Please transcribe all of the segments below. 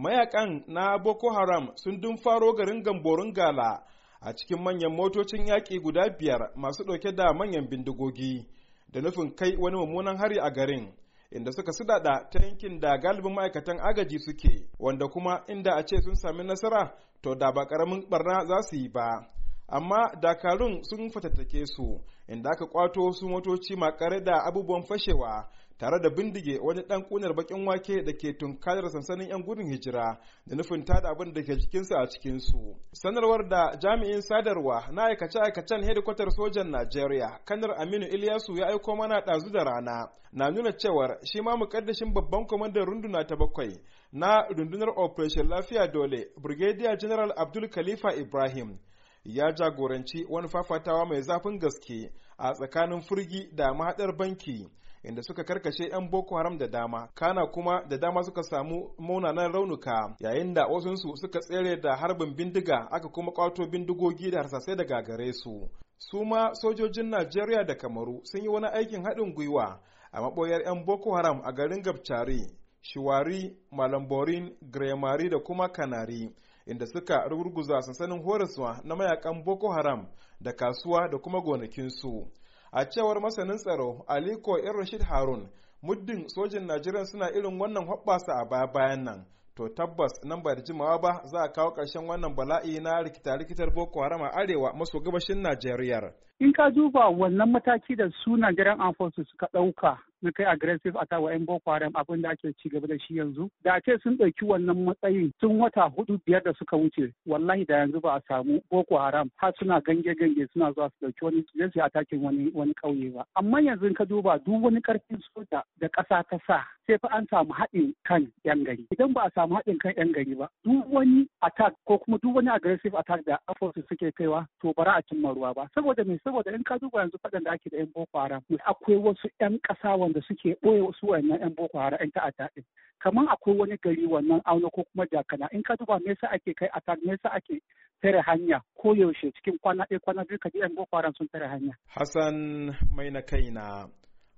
mayakan na boko haram sun dun faro garin gamborin gala a cikin manyan motocin yaƙi guda biyar masu ɗauke da manyan bindigogi da nufin kai wani mummunan hari a garin inda suka sidada ta yankin da galibin ma'aikatan agaji suke wanda kuma inda a ce sun sami nasara to da ba ƙaramin barna za su yi ba amma dakarun sun fatattake su inda aka kwato su motoci makare da abubuwan fashewa tare da bindige wani dan kunar bakin wake da ke tunkarar sansanin yan gudun hijira da nufin tada abin da ke jikinsu a cikinsu. sanarwar da jami'in sadarwa na aikace aikacen hedikwatar sojan Najeriya kanar Aminu Ilyasu ya aiko mana ɗazu da rana na nuna cewar shi ma mukaddashin babban kwamandan runduna ta bakwai na rundunar operation lafiya dole brigadier general Abdul Khalifa Ibrahim ya jagoranci wani fafatawa mai zafin gaske a tsakanin furgi da mahaɗar banki inda suka karkashe 'yan boko haram da dama kana kuma da dama suka samu munanan raunuka yayin da wasunsu suka tsere da harbin bindiga aka kuma kwato bindigogi da harsasai daga gare su su ma sojojin najeriya da kamaru sun yi wani aikin haɗin gwiwa a maɓoyar 'yan boko haram a garin gabcari shiwari malamborin gremari da kuma kanari inda suka rugurguza sansanin horaswa na mayakan boko haram da kasuwa da kuma gonakinsu a cewar masanin tsaro aliko yan rashid harun muddin sojin najeriya suna irin wannan hoɓɓasa a baya bayan nan to tabbas nan ba da jimawa ba za a kawo ƙarshen wannan bala'i na rikita-rikitar boko haram a arewa maso gabashin najeriya in ka duba wannan mataki da su najeriya an suka ɗauka na kai aggressive a wa 'yan Boko Haram abin da ake ci gaba da shi yanzu. Da ce sun ɗauki wannan matsayin tun wata hudu biyar da suka wuce wallahi da yanzu ba a samu Boko Haram ha suna gange-gange suna zuwa su ɗauki wani a atakin wani wani ƙauye ba. Amma yanzu ka duba duk wani ƙarfin soja da ƙasa ta sa sai fa an samu haɗin kan 'yan gari. Idan ba a samu haɗin kan 'yan gari ba duk wani attack ko kuma duk wani aggressive attack da afosu suke kaiwa to bara a cimma ruwa ba. Saboda me saboda in ka duba yanzu faɗan da ake da 'yan Boko Haram akwai wasu 'yan ƙasa waɗanda suke ɓoye wasu wannan 'yan boko haram 'yan ta'adda ɗin kamar akwai wani gari wannan auna ko kuma jakana in ka duba me yasa ake kai attack me yasa ake tare hanya ko yaushe cikin kwana ɗaya kwana biyu kaji 'yan boko haram sun tare hanya. Hassan mai na kai na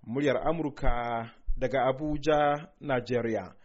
muryar Amurka daga Abuja, Najeriya.